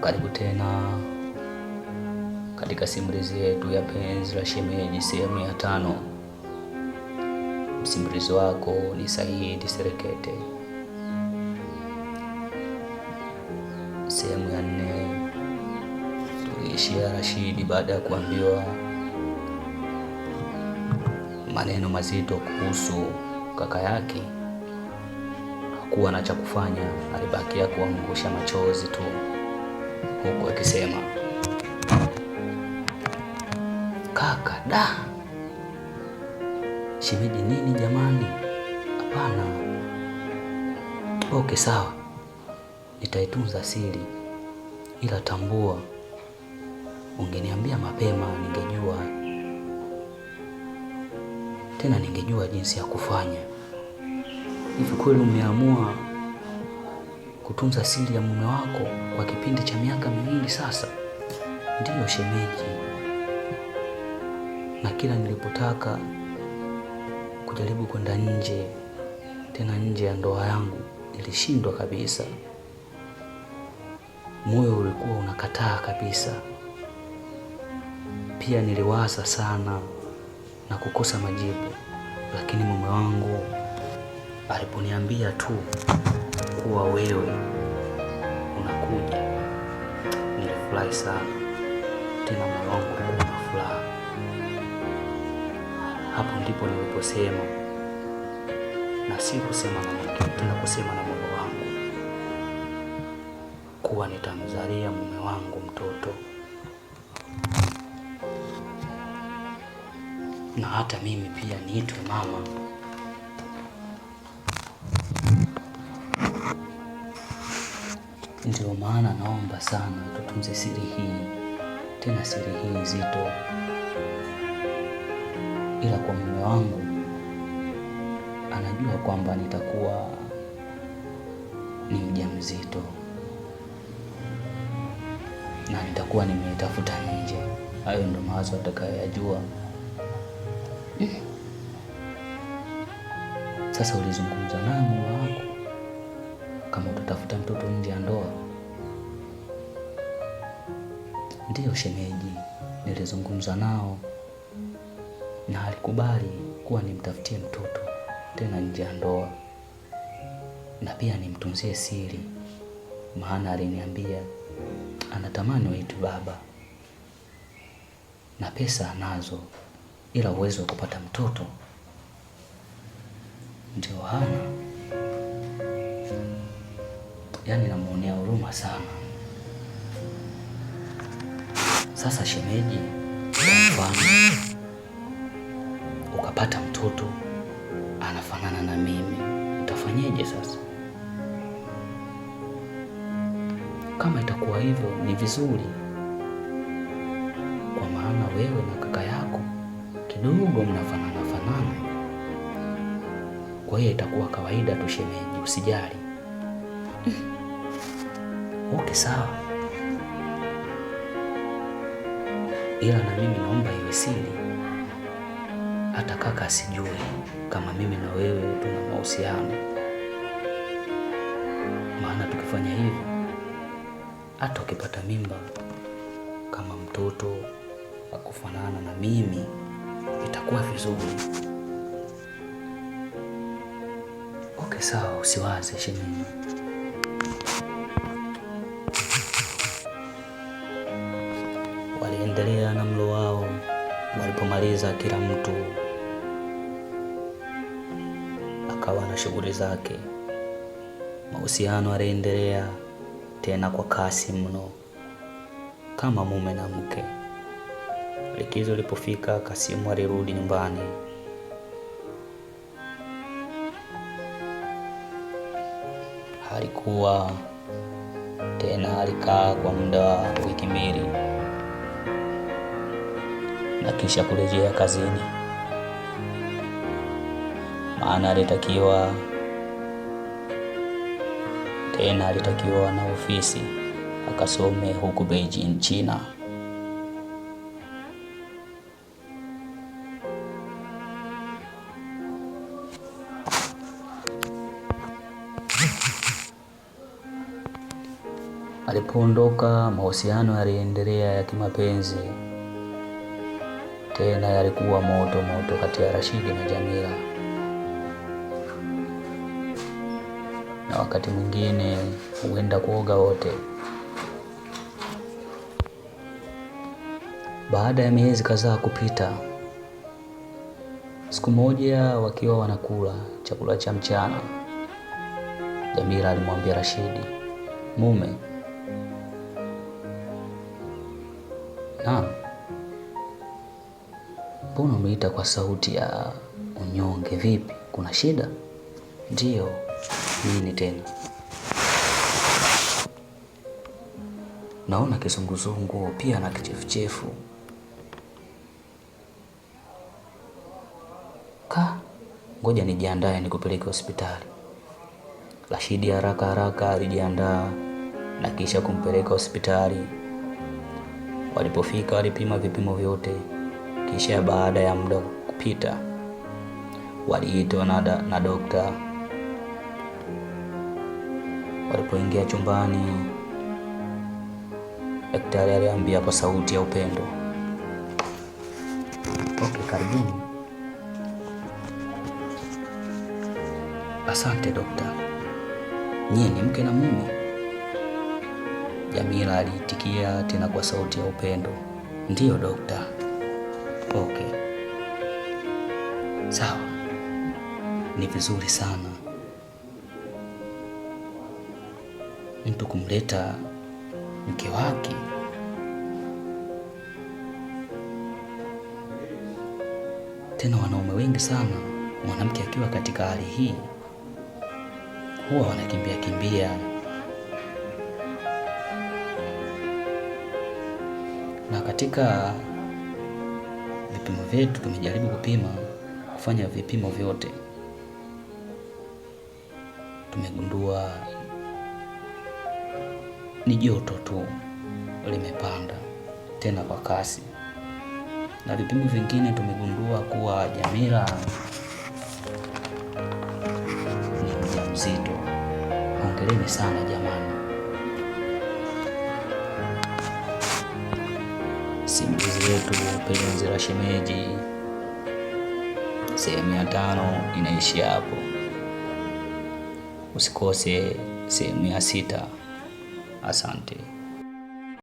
Karibu tena katika simulizi yetu ya Penzi la Shemeji sehemu ya tano. Msimulizi wako ni Saidi Serekete. Sehemu ya nne tuliishia Rashidi baada ya kuambiwa maneno mazito kuhusu kaka yake. Hakuwa na cha kufanya, alibakia kuangusha machozi tu huku akisema kaka, da shemeji nini jamani? Hapana, okay, sawa, nitaitunza siri, ila tambua, ungeniambia mapema ningejua, tena ningejua jinsi ya kufanya. Hivi kweli umeamua kutunza siri ya mume wako kwa kipindi cha miaka miwili sasa. Ndiyo shemeji, na kila nilipotaka kujaribu kwenda nje tena nje ya ndoa yangu nilishindwa kabisa. Moyo ulikuwa unakataa kabisa. Pia niliwaza sana na kukosa majibu, lakini mume wangu aliponiambia tu kuwa wewe unakuja, nilifurahi sana tena moyo wangu furaha. Hapo ndipo niliposema, na si kusema na mwingine, tena kusema na moyo wangu kuwa nitamzalia mume wangu mtoto, na hata mimi pia niitwe mama. Ndio maana naomba sana tutunze siri hii, tena siri hii nzito, ila kwa mume wangu anajua kwamba nitakuwa ni mjamzito na nitakuwa nimetafuta nje. Hayo ndo mawazo atakayoyajua. Eh. Sasa ulizungumza naye mume wako kama utatafuta mtoto nje? Ndiyo shemeji, nilizungumza nao na alikubali kuwa nimtafutie mtoto tena nje ya ndoa na pia nimtunzie siri, maana aliniambia anatamani waitu baba na pesa anazo, ila uwezo wa kupata mtoto ndio hana. Yaani namuonea huruma sana. Sasa shemeji, kwa mfano ukapata mtoto anafanana na mimi, utafanyeje? Sasa kama itakuwa hivyo ni vizuri, kwa maana wewe na kaka yako kidogo mnafanana fanana, kwa hiyo itakuwa kawaida tu shemeji, usijali. Mm. Okay, sawa. ila na mimi naomba iwe siri, hata kaka asijue kama mimi na wewe tuna mahusiano, maana tukifanya hivyo hata ukipata mimba kama mtoto akufanana na mimi itakuwa vizuri. Okay, sawa, usiwaze shemeji. Waliendelea kumaliza, kila mtu akawa na shughuli zake. Mahusiano yaliendelea tena kwa kasi mno, kama mume na mke. Likizo ilipofika, Kasimu alirudi nyumbani. Alikuwa tena alikaa kwa muda wa wiki mbili na kisha kurejea kazini, maana alitakiwa tena, alitakiwa na ofisi akasome huku Beijing, China. Alipoondoka, mahusiano yaliendelea ya kimapenzi. Tena yalikuwa moto moto kati ya Rashidi na Jamila, na wakati mwingine huenda kuoga wote. Baada ya miezi kadhaa kupita, siku moja wakiwa wanakula chakula cha mchana, Jamila alimwambia Rashidi mume, naam mbona umeita kwa sauti ya unyonge? Vipi, kuna shida? ndio nini tena? Naona kizunguzungu pia na kichefuchefu. Ka ngoja nijiandae nikupeleke hospitali. Rashidi haraka haraka alijiandaa na kisha kumpeleka hospitali. Walipofika walipima vipimo vyote. Kisha baada ya muda kupita, waliitwa na, na dokta. Walipoingia chumbani, daktari aliambia kwa sauti ya upendo, okay, karibuni. Asante dokta, nyie ni mke na mume? Jamila aliitikia tena kwa sauti ya upendo, ndiyo dokta usipoke. Sawa, ni vizuri sana mtu kumleta mke wake tena wanaume wengi sana, mwanamke akiwa katika hali hii huwa wanakimbia kimbia, na katika vipimo vyetu, tumejaribu kupima kufanya vipimo vyote, tumegundua ni joto tu limepanda tena kwa kasi, na vipimo vingine tumegundua kuwa Jamila ni mjamzito. Hongereni sana jamani. Simulizi yetu penzi la shemeji sehemu ya tano inaishia hapo. Usikose sehemu ya sita. Asante.